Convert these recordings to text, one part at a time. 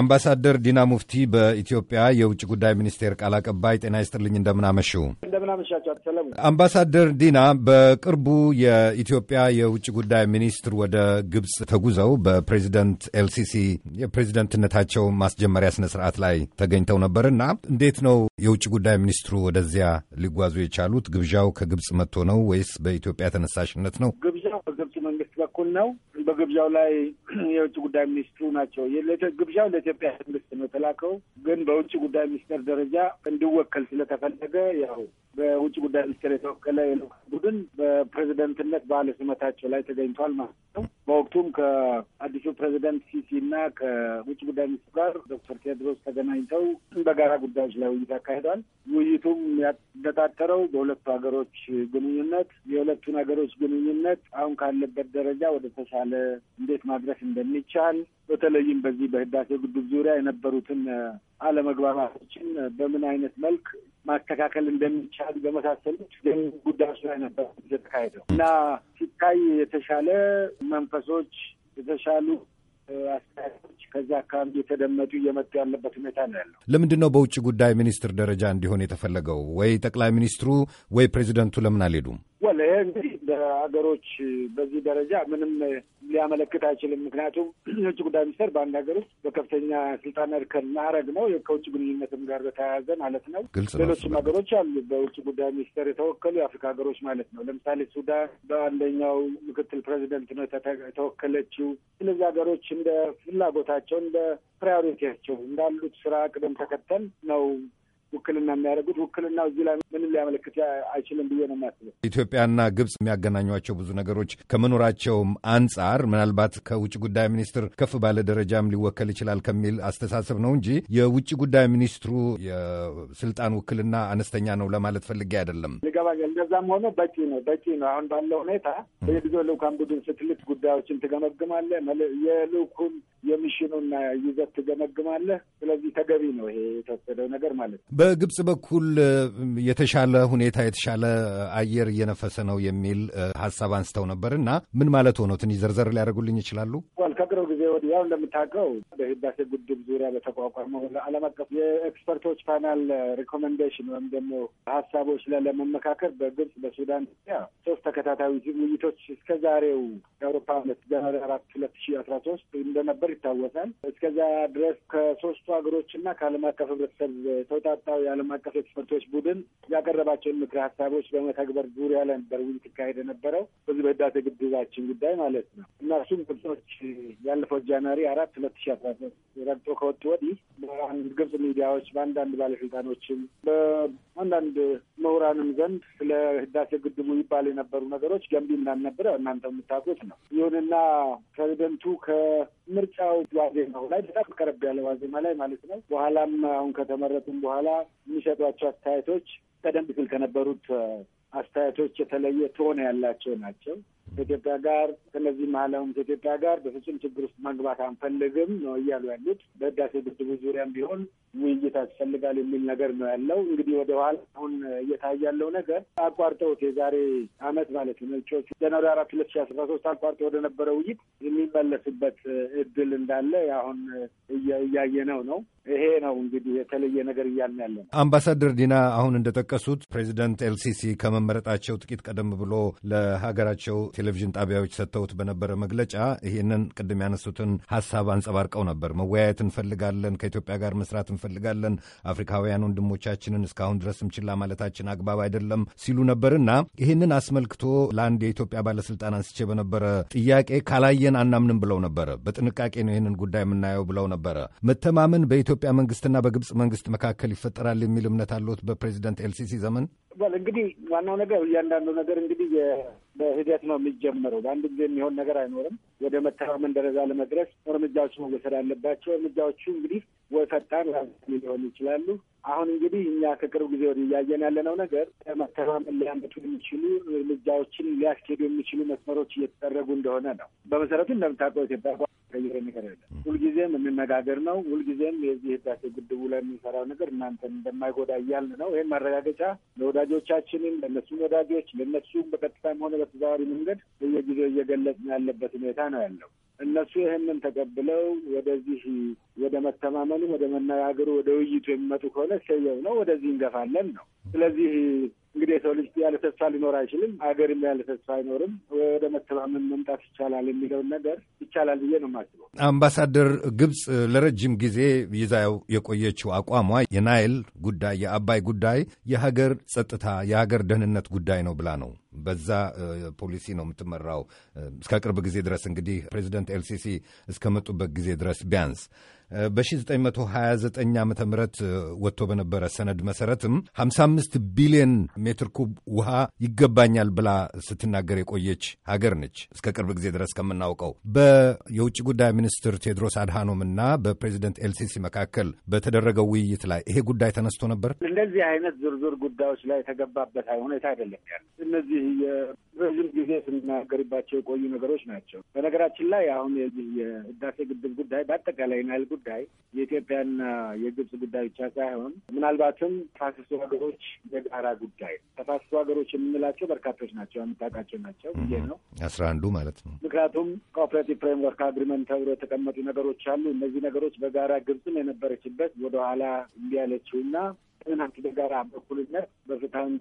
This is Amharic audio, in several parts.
አምባሳደር ዲና ሙፍቲ በኢትዮጵያ የውጭ ጉዳይ ሚኒስቴር ቃል አቀባይ፣ ጤና ይስጥልኝ። እንደምናመሹ እንደምናመሻቸው። አምባሳደር ዲና በቅርቡ የኢትዮጵያ የውጭ ጉዳይ ሚኒስትር ወደ ግብፅ ተጉዘው በፕሬዚደንት ኤልሲሲ የፕሬዚደንትነታቸው ማስጀመሪያ ስነ ስርዓት ላይ ተገኝተው ነበር እና እንዴት ነው የውጭ ጉዳይ ሚኒስትሩ ወደዚያ ሊጓዙ የቻሉት? ግብዣው ከግብፅ መጥቶ ነው ወይስ በኢትዮጵያ ተነሳሽነት ነው? ግብዣው በግብፅ መንግስት በኩል ነው። በግብዣው ላይ የውጭ ጉዳይ ሚኒስትሩ ናቸው። ግብዣው ለኢትዮጵያ መንግስት ነው የተላከው። ግን በውጭ ጉዳይ ሚኒስቴር ደረጃ እንዲወከል ስለተፈለገ ያው በውጭ ጉዳይ ሚኒስቴር የተወከለ የልኡካን ቡድን በፕሬዚደንትነት ባለስመታቸው ላይ ተገኝቷል ማለት ነው። በወቅቱም ከአዲሱ ፕሬዚደንት ሲሲ እና ከውጭ ጉዳይ ሚኒስትሩ ጋር ዶክተር ቴድሮስ ተገናኝተው በጋራ ጉዳዮች ላይ ውይይት አካሂዷል። ውይይቱም ያነጣጠረው በሁለቱ ሀገሮች ግንኙነት የሁለቱን ሀገሮች ግንኙነት አሁን ካለበት ደረጃ ወደ ተሻለ እንዴት ማድረስ እንደሚቻል በተለይም በዚህ በህዳሴ ግድብ ዙሪያ የነበሩትን አለመግባባቶችን በምን አይነት መልክ ማስተካከል እንደሚቻል በመሳሰሉት ጉዳዮች ላይ ነበር የተካሄደው እና ሲታይ የተሻለ መንፈሶች የተሻሉ አስተያየቶች ከዚ አካባቢ የተደመጡ እየመጡ ያለበት ሁኔታ ነው ያለው። ለምንድን ነው በውጭ ጉዳይ ሚኒስትር ደረጃ እንዲሆን የተፈለገው? ወይ ጠቅላይ ሚኒስትሩ ወይ ፕሬዚደንቱ ለምን አልሄዱም? ወለ እንግዲህ በሀገሮች በዚህ ደረጃ ምንም ሊያመለክት አይችልም። ምክንያቱም የውጭ ጉዳይ ሚኒስቴር በአንድ ሀገር ውስጥ በከፍተኛ ስልጣን እርከን ማዕረግ ነው፣ ከውጭ ግንኙነትም ጋር በተያያዘ ማለት ነው። ሌሎችም ሀገሮች አሉ በውጭ ጉዳይ ሚኒስቴር የተወከሉ የአፍሪካ ሀገሮች ማለት ነው። ለምሳሌ ሱዳን በአንደኛው ምክትል ፕሬዚደንት ነው የተወከለችው። እነዚህ ሀገሮች እንደ ፍላጎታቸው እንደ ፕራዮሪቲያቸው እንዳሉት ስራ ቅደም ተከተል ነው ውክልና የሚያደርጉት ውክልናው እዚህ ላይ ምንም ሊያመለክት አይችልም ብዬ ነው የሚያስበው። ኢትዮጵያና ግብጽ የሚያገናኟቸው ብዙ ነገሮች ከመኖራቸውም አንጻር ምናልባት ከውጭ ጉዳይ ሚኒስትር ከፍ ባለ ደረጃም ሊወከል ይችላል ከሚል አስተሳሰብ ነው እንጂ የውጭ ጉዳይ ሚኒስትሩ የስልጣን ውክልና አነስተኛ ነው ለማለት ፈልጌ አይደለም። ይገባኛል። እንደዛም ሆኖ በቂ ነው በቂ ነው። አሁን ባለው ሁኔታ በየጊዜው ልዑካን ቡድን ስትልክ ጉዳዮችን ትገመግማለህ። የልዑኩን የሚሽኑና ይዘት ትገመግማለህ። ስለዚህ ተገቢ ነው ይሄ የተወሰደው ነገር ማለት ነው። በግብጽ በኩል የተሻለ ሁኔታ የተሻለ አየር እየነፈሰ ነው የሚል ሀሳብ አንስተው ነበር እና ምን ማለት ሆኖ ትንሽ ዘርዘር ሊያደርጉልኝ ይችላሉ? ከቅርብ ያው እንደምታውቀው በህዳሴ ግድብ ዙሪያ በተቋቋመው ዓለም አቀፍ የኤክስፐርቶች ፓናል ሪኮመንዴሽን ወይም ደግሞ ሀሳቦች ላይ ለመመካከር በግብጽ በሱዳን ያ ሶስት ተከታታይ ውይይቶች እስከ ዛሬው የአውሮፓ አመት ጃንዋሪ አራት ሁለት ሺ አስራ ሶስት እንደነበር ይታወሳል። እስከዛ ድረስ ከሶስቱ ሀገሮች እና ከዓለም አቀፍ ህብረተሰብ ተውጣጣው የዓለም አቀፍ ኤክስፐርቶች ቡድን ያቀረባቸውን ምክር ሀሳቦች በመተግበር ዙሪያ ላይ ነበር ውይይት ይካሄድ የነበረው በዚህ በህዳሴ ግድባችን ጉዳይ ማለት ነው እና እሱም ግብጾች ያለፈው ባለፈው ጃንዋሪ አራት ሁለት ሺ አስራ ሶስት ረግጦ ከወጡ ወዲህ በአንድ ግብጽ ሚዲያዎች በአንዳንድ ባለስልጣኖችም በአንዳንድ ምሁራንም ዘንድ ስለ ህዳሴ ግድቡ ይባል የነበሩ ነገሮች ገንቢ እንዳልነበረ እናንተ የምታውቁት ነው። ይሁንና ፕሬዚደንቱ ከምርጫው ዋዜማው ላይ በጣም ቀረብ ያለ ዋዜማ ላይ ማለት ነው በኋላም አሁን ከተመረጡም በኋላ የሚሰጧቸው አስተያየቶች ቀደም ሲል ከነበሩት አስተያየቶች የተለየ ትሆነ ያላቸው ናቸው። ከኢትዮጵያ ጋር ከነዚህ ማለሙም ከኢትዮጵያ ጋር በፍጹም ችግር ውስጥ መግባት አንፈልግም ነው እያሉ ያሉት። በህዳሴ ግድቡ ዙሪያም ቢሆን ውይይት ያስፈልጋል የሚል ነገር ነው ያለው። እንግዲህ ወደ ኋላ አሁን እየታየ ያለው ነገር አቋርጠውት የዛሬ አመት ማለት ነው ቾቹ ጀነሪ አራት ሁለት ሺ አስራ ሶስት አቋርጠው ወደ ነበረ ውይይት የሚመለስበት እድል እንዳለ አሁን እያየነው ነው። ይሄ ነው እንግዲህ የተለየ ነገር እያልን ያለ ነው። አምባሳደር ዲና አሁን እንደጠቀሱት ፕሬዚደንት ኤልሲሲ ከመመረጣቸው ጥቂት ቀደም ብሎ ለሀገራቸው ቴሌቪዥን ጣቢያዎች ሰጥተውት በነበረ መግለጫ ይህንን ቅድም ያነሱትን ሀሳብ አንጸባርቀው ነበር። መወያየት እንፈልጋለን፣ ከኢትዮጵያ ጋር መስራት እንፈልጋለን፣ አፍሪካውያን ወንድሞቻችንን እስካሁን ድረስም ችላ ማለታችን አግባብ አይደለም ሲሉ ነበርና ይህንን አስመልክቶ ለአንድ የኢትዮጵያ ባለስልጣን አንስቼ በነበረ ጥያቄ ካላየን አናምንም ብለው ነበረ። በጥንቃቄ ነው ይህንን ጉዳይ የምናየው ብለው ነበረ። መተማመን በኢትዮጵያ መንግስትና በግብፅ መንግስት መካከል ይፈጠራል የሚል እምነት አለት በፕሬዚደንት ኤልሲሲ ዘመን? መቅበል እንግዲህ ዋናው ነገር እያንዳንዱ ነገር እንግዲህ በሂደት ነው የሚጀምረው። በአንድ ጊዜ የሚሆን ነገር አይኖርም። ወደ መተማመን ደረጃ ለመድረስ እርምጃዎች መወሰድ አለባቸው። እርምጃዎቹ እንግዲህ ወይ ፈጣን ሊሆኑ ይችላሉ። አሁን እንግዲህ እኛ ከቅርብ ጊዜ ወዲህ እያየን ያለነው ነገር መተማመን ሊያመጡ የሚችሉ እርምጃዎችን ሊያስኬዱ የሚችሉ መስመሮች እየተጠረጉ እንደሆነ ነው። በመሰረቱ እንደምታውቀው ኢትዮጵያ የምንቀይረው ነገር የለም። ሁልጊዜም እንነጋገር ነው። ሁልጊዜም የዚህ ህዳሴ ግድቡ ላይ የሚሰራው ነገር እናንተን እንደማይጎዳ እያልን ነው። ይህን ማረጋገጫ ለወዳጆቻችንም፣ ለእነሱም ወዳጆች ለእነሱም በቀጥታም ሆነ በተዘዋዋሪ መንገድ በየጊዜው እየገለጽን ያለበት ሁኔታ ነው ያለው። እነሱ ይህንን ተቀብለው ወደዚህ ወደ መተማመኑ፣ ወደ መነጋገሩ፣ ወደ ውይይቱ የሚመጡ ከሆነ ሰየው ነው፣ ወደዚህ እንገፋለን ነው። ስለዚህ እንግዲህ የሰው ልጅ ያለ ተስፋ ሊኖር አይችልም፣ ሀገርም ያለ ተስፋ አይኖርም። ወደ መተማመን መምጣት ይቻላል የሚለውን ነገር ይቻላል ብዬ ነው የማስበው። አምባሳደር፣ ግብፅ ለረጅም ጊዜ ይዛው የቆየችው አቋሟ የናይል ጉዳይ፣ የአባይ ጉዳይ የሀገር ጸጥታ፣ የሀገር ደህንነት ጉዳይ ነው ብላ ነው በዛ ፖሊሲ ነው የምትመራው እስከ ቅርብ ጊዜ ድረስ እንግዲህ ፕሬዚደንት ኤልሲሲ እስከመጡበት ጊዜ ድረስ ቢያንስ በ1929 ዓ ም ወጥቶ በነበረ ሰነድ መሰረትም 55 ቢሊዮን ሜትር ኩብ ውሃ ይገባኛል ብላ ስትናገር የቆየች ሀገር ነች። እስከ ቅርብ ጊዜ ድረስ ከምናውቀው በየውጭ ጉዳይ ሚኒስትር ቴድሮስ አድሃኖም እና በፕሬዚደንት ኤልሲሲ መካከል በተደረገው ውይይት ላይ ይሄ ጉዳይ ተነስቶ ነበር። እንደዚህ አይነት ዝርዝር ጉዳዮች ላይ የተገባበት ሁኔታ አይደለም ያለ እነዚህ የረዥም ጊዜ ስንናገርባቸው የቆዩ ነገሮች ናቸው። በነገራችን ላይ አሁን የዚህ የህዳሴ ግድብ ጉዳይ በአጠቃላይ ናይል ጉዳይ የኢትዮጵያና የግብጽ ጉዳይ ብቻ ሳይሆን ምናልባትም ተፋሰሱ ሀገሮች የጋራ ጉዳይ ተፋሰሱ ሀገሮች የምንላቸው በርካቶች ናቸው፣ የምታውቃቸው ናቸው ብዬ ነው አስራ አንዱ ማለት ነው። ምክንያቱም ኮኦፕሬቲቭ ፍሬምወርክ አግሪመንት ተብሎ የተቀመጡ ነገሮች አሉ። እነዚህ ነገሮች በጋራ ግብጽም የነበረችበት ወደኋላ እንዲያለችውና ጥናት በጋራ በኩልነት በፍትሃን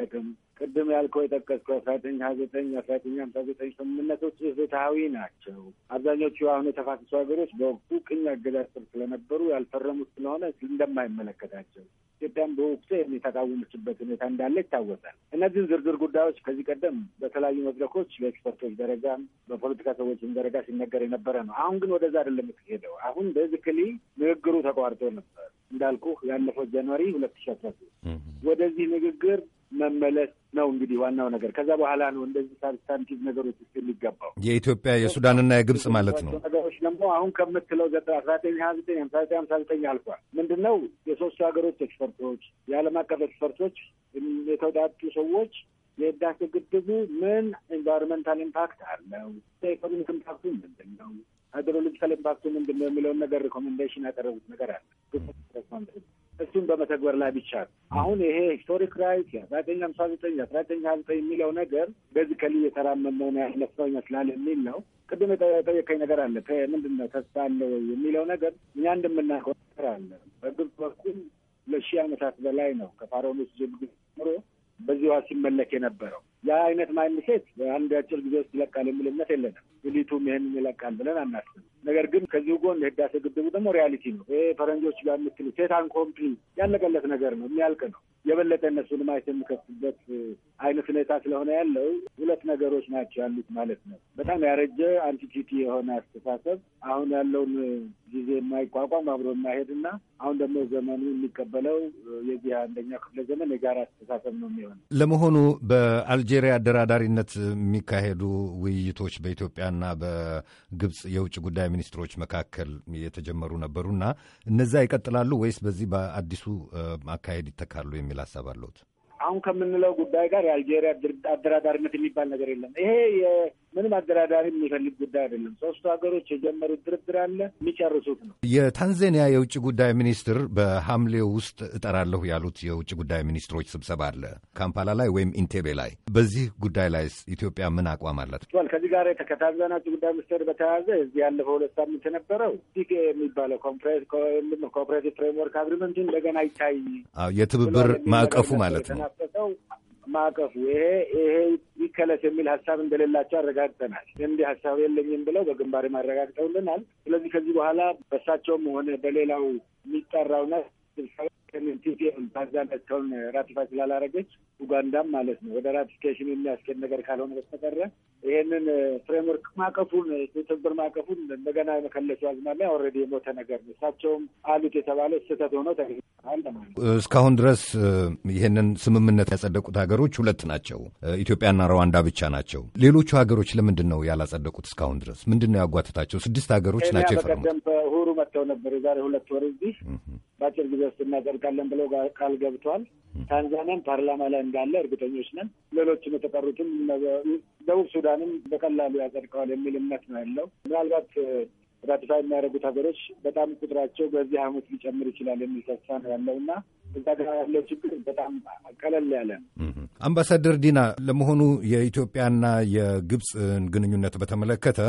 ጥቅም ቅድም ያልከው የጠቀስከው አስራ ዘጠኝ ሀያ ዘጠኝ አስራ ዘጠኝ ሀምሳ ዘጠኝ ስምምነቶች ፍትሐዊ ናቸው። አብዛኞቹ አሁን የተፋሰሱ ሀገሮች በወቅቱ ቅኝ አገዛዝ ስር ስለነበሩ ያልፈረሙት ስለሆነ እንደማይመለከታቸው ኢትዮጵያም በወቅቱ የተቃወመችበት ሁኔታ እንዳለ ይታወሳል። እነዚህን ዝርዝር ጉዳዮች ከዚህ ቀደም በተለያዩ መድረኮች በኤክስፐርቶች ደረጃ በፖለቲካ ሰዎችም ደረጃ ሲነገር የነበረ ነው። አሁን ግን ወደዛ አይደለም የተሄደው። አሁን ቤዚክሊ ንግግሩ ተቋርጦ ነበር እንዳልኩ ያለፈው ጃንዋሪ ሁለት ሺ አስራ ሶስት ወደዚህ ንግግር መመለስ ነው እንግዲህ ዋናው ነገር። ከዛ በኋላ ነው እንደዚህ ሳብስታንቲቭ ነገሮች ውስጥ የሚገባው የኢትዮጵያ የሱዳንና የግብፅ ማለት ነው። ነገሮች ደግሞ አሁን ከምትለው ዘጠ አስራ ዘጠኝ ሀያ ዘጠኝ ሀምሳ ዘጠኝ ሀምሳ ዘጠኝ አልፏል። ምንድን ነው የሶስቱ ሀገሮች ኤክስፐርቶች፣ የዓለም አቀፍ ኤክስፐርቶች፣ የተውጣጡ ሰዎች የህዳሴ ግድቡ ምን ኤንቫይሮንመንታል ኢምፓክት አለው፣ ኢኮኖሚክ ኢምፓክቱ ምንድን ነው፣ ሃይድሮሎጂካል ኢምፓክቱ ምንድን ነው የሚለውን ነገር ሪኮሜንዴሽን ያቀረቡት ነገር አለ እሱን በመተግበር ላይ ብቻ ነው። አሁን ይሄ ሂስቶሪክ ራይት የአስራ ዘጠኝ ሀምሳ ዘጠኝ የአስራ ዘጠኝ ሀያ ዘጠኝ የሚለው ነገር በዚህ ከል ከልዩ የተራመመውን ያለፈው ይመስላል የሚል ነው። ቅድም የጠየቀኝ ነገር አለ። ምንድን ነው ተስፋ አለ ወይ የሚለው ነገር እኛ እንደምናውቀው ነገር አለ። በግብጽ በኩል ለሺህ ዓመታት በላይ ነው ከፋሮኖስ ጀምሮ በዚህ ውሃ ሲመለክ የነበረው ያ አይነት ማይንሴት በአንድ አጭር ጊዜ ውስጥ ይለቃል የሚል እምነት የለንም። ኤሊቱም ይህንን ይለቃል ብለን አናስብም። ነገር ግን ከዚሁ ጎን የህዳሴ ግድቡ ደግሞ ሪያሊቲ ነው። ይሄ ፈረንጆች ጋር የምትሉ ሴታን አንኮምፕሊ ያለቀለት ነገር ነው፣ የሚያልቅ ነው። የበለጠ እነሱን ማየት የሚከፍትበት አይነት ሁኔታ ስለሆነ ያለው ሁለት ነገሮች ናቸው ያሉት ማለት ነው። በጣም ያረጀ አንቲኪቲ የሆነ አስተሳሰብ አሁን ያለውን ጊዜ የማይቋቋም አብሮ የማይሄድና አሁን ደግሞ ዘመኑ የሚቀበለው የዚህ አንደኛው ክፍለ ዘመን የጋራ አስተሳሰብ ነው የሚሆነው። ለመሆኑ በአልጄ በናይጄሪያ አደራዳሪነት የሚካሄዱ ውይይቶች በኢትዮጵያና በግብፅ የውጭ ጉዳይ ሚኒስትሮች መካከል የተጀመሩ ነበሩና እነዚያ ይቀጥላሉ ወይስ በዚህ በአዲሱ አካሄድ ይተካሉ የሚል ሀሳብ አለት? አሁን ከምንለው ጉዳይ ጋር የአልጄሪያ አደራዳሪነት የሚባል ነገር የለም። ይሄ ምንም አደራዳሪ የሚፈልግ ጉዳይ አይደለም። ሶስቱ ሀገሮች የጀመሩት ድርድር አለ፣ የሚጨርሱት ነው። የታንዛኒያ የውጭ ጉዳይ ሚኒስትር በሐምሌ ውስጥ እጠራለሁ ያሉት የውጭ ጉዳይ ሚኒስትሮች ስብሰባ አለ ካምፓላ ላይ ወይም ኢንቴቤ ላይ። በዚህ ጉዳይ ላይ ኢትዮጵያ ምን አቋም አላት? ከዚህ ጋር ከታንዛኒያ ውጭ ጉዳይ ሚኒስትር በተያያዘ እዚህ ያለፈው ሁለት ሳምንት የነበረው ቲኬ የሚባለው ኮፕሬቲቭ ፍሬምወርክ አግሪመንቱ እንደገና ይታይ የትብብር ማዕቀፉ ማለት ነው የተዳፈሰው ማዕቀፉ ይሄ ይሄ ይከለስ የሚል ሀሳብ እንደሌላቸው አረጋግጠናል። እንዲህ ሀሳብ የለኝም ብለው በግንባር አረጋግጠውልናል። ስለዚህ ከዚህ በኋላ በሳቸውም ሆነ በሌላው የሚጠራውና ስብሰባ ቲፒኤም ታዛለቸውን ራቲፋይ ስላላረገች ኡጋንዳም ማለት ነው ወደ ራቲፊኬሽን የሚያስኬድ ነገር ካልሆነ በስተቀረ ይሄንን ፍሬምወርክ ማቀፉን የትብብር ማቀፉን እንደገና መከለሱ አዝማድ ላይ ኦልሬዲ የሞተ ነገር ነው። እሳቸውም አሉት የተባለ ስህተት ሆኖ ተገኝተዋል ለማለት እስካሁን ድረስ ይሄንን ስምምነት ያጸደቁት ሀገሮች ሁለት ናቸው፣ ኢትዮጵያና ሩዋንዳ ብቻ ናቸው። ሌሎቹ ሀገሮች ለምንድን ነው ያላጸደቁት? እስካሁን ድረስ ምንድን ነው ያጓትታቸው? ስድስት ሀገሮች ናቸው የፈረሙት። በቀደም በሁሩ መጥተው ነበር የዛሬ ሁለት ወር እዚህ በአጭር ጊዜ ውስጥ እናጸድቃለን ብለው ቃል ገብተዋል። ታንዛኒያም ፓርላማ ላይ እንዳለ እርግጠኞች ነን። ሌሎችም የተቀሩትም ደቡብ ሱዳንም በቀላሉ ያጸድቀዋል የሚል እምነት ነው ያለው። ምናልባት ራቲፋይ የሚያደርጉት ሀገሮች በጣም ቁጥራቸው በዚህ አመት ሊጨምር ይችላል የሚል ተስፋ ነው ያለው እና እዛ ጋር ያለው ችግር በጣም ቀለል ያለ ነው። አምባሳደር ዲና፣ ለመሆኑ የኢትዮጵያና የግብፅ ግንኙነት በተመለከተ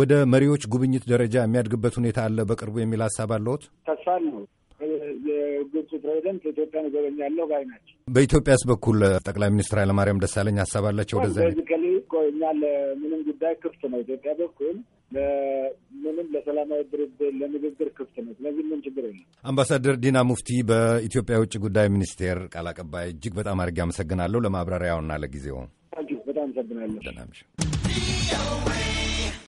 ወደ መሪዎች ጉብኝት ደረጃ የሚያድግበት ሁኔታ አለ በቅርቡ የሚል ሀሳብ አለዎት? ተስፋ አለሁት። ፕሬዚደንት ኢትዮጵያን እጎበኛለሁ ባይ ናቸው። በኢትዮጵያስ በኩል ጠቅላይ ሚኒስትር ኃይለማርያም ደሳለኝ ሀሳብ አላቸው። ቤዚካሊ እኛ ለምንም ጉዳይ ክፍት ነው። ኢትዮጵያ በኩል ለምንም ለሰላማዊ ድርድር ለንግግር ክፍት ነው። ስለዚህ ምን ችግር የለም። አምባሳደር ዲና ሙፍቲ በኢትዮጵያ የውጭ ጉዳይ ሚኒስቴር ቃል አቀባይ፣ እጅግ በጣም አድርጌ አመሰግናለሁ ለማብራሪያውና ለጊዜው በጣም አመሰግናለሁ።